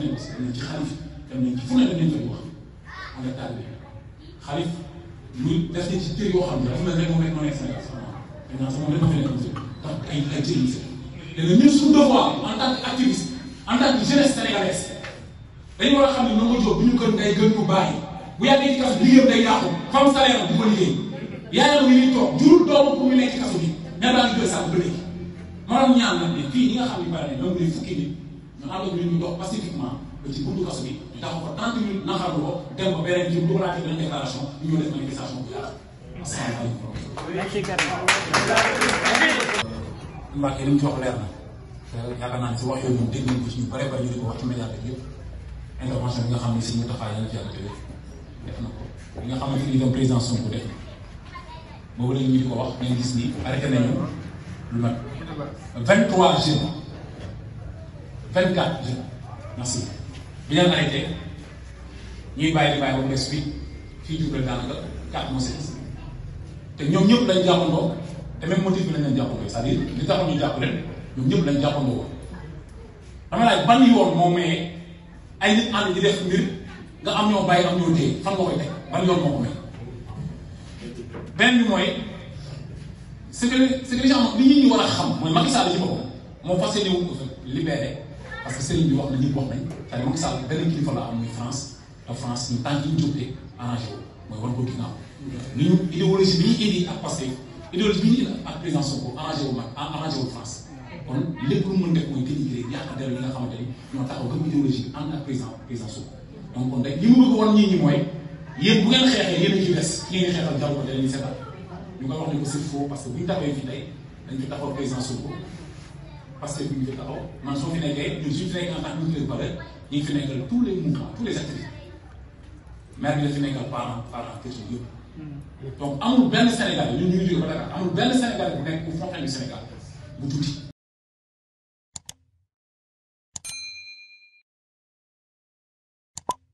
activiste dem nañ ci xalif dem nañ ci fu ne dem nañ koy wax en état bi xalif muy def nañ ci kër yoo xam ne dafa mel ne moom rek moo nekk Sénégal sama maintenant sama benn benn conseil ndax ay ay jëriñ si léegi ñun suñu devoir en tant que activiste en tant que jeunesse sénégalaise dañu war a xam ne Ndongo Diop bu ñu gën day gën ñu bàyyi bu yàggee ci kaso liggéeyam day yàqu femme salaire bu ko liggéey yaayam mi ngi toog jurul doomam pour mu nekk ci kaso bi ñaar daal di jël sànq ba léegi maanaam ñaan nañ ne fii ñi nga xam ne bari na ñoom day fukki nit ñu ànd ak ñun ñu dox pacifiquement ba ci buntu kaso bi ñu taxaw fa trente minutes naxarlu ko dem ba beneen jëm dugalaate beneen déclaration ñu ñëw def manifestation bu yàgg asalaamaaleykum Mbacke li mu ci wax leer na te yaakaar naa ne si wax yooyu moom dégg nañ bare bare ñu di ko wax ci média bi yëpp intervention bi nga xam ne si ñu taxaw yàlla ci yàlla tëddee def na ko li nga xam ne fi ñu doon président Sonko def boobu la ñu di ko wax dañ gis ni arrêté nañu lu 24 jeunes merci bi ñu arrêté ñuy bàyyi di bàyyi ba bés bi fii Diourbel daanaka 4 mois te ñoom ñëpp lañ jàppandoo te même motif bi lañ jàppandoo c'est-à-dire li tax ñu jàpp leen ñëpp lañ jàppandoo woon dama laaj ban yoon moo may ay nit ànd di def mbir nga am ñoo bàyyi am ñoo téye fan nga koy ban yoon moo ko may mooy c'est que c'est que li nga xam li nit ñi war a xam mooy Macky Sall ci boppam moo fas yéene wu ko parce que sëriñ bi wax na ñëpp wax nañ tey Macky Sall benn kilifa la am muy France te France ñu tànk yi ñu jógee arrangé wu mooy wan ko ginnaaw. li ñu idéologie bi ñu indi ak Pastef idéologie bi ñu indi ak président Sonko arrangé wu ma arrangé wu France kon lépp lu mën def mooy dénigré yàq der yi nga xamante ni ñoo taxaw gëm idéologie bi ànd ak président président Sonko donc kon rek li mu bëgg wan ñii ñi mooy yéen bu ngeen xeexee yéen a ci des ki ngeen xeexal jarul ko te dañuy seetal ñu koy wax ne ko c'est faux parce que bu ñu taxawee fii tey dañ fi taxaw président Sonko parce que bu ñu jëkk a aw man soo fi nekkee ñun suñu fi nekkee en tant que mutuelle pare ñu ngi fi nekkal tous les mouvements tous les activités maire bi mm. donc amul benn Sénégal ñun ñu ngi jóge ba Dakar amul benn Sénégal bu nekk ku fontaine du Sénégal bu tuuti.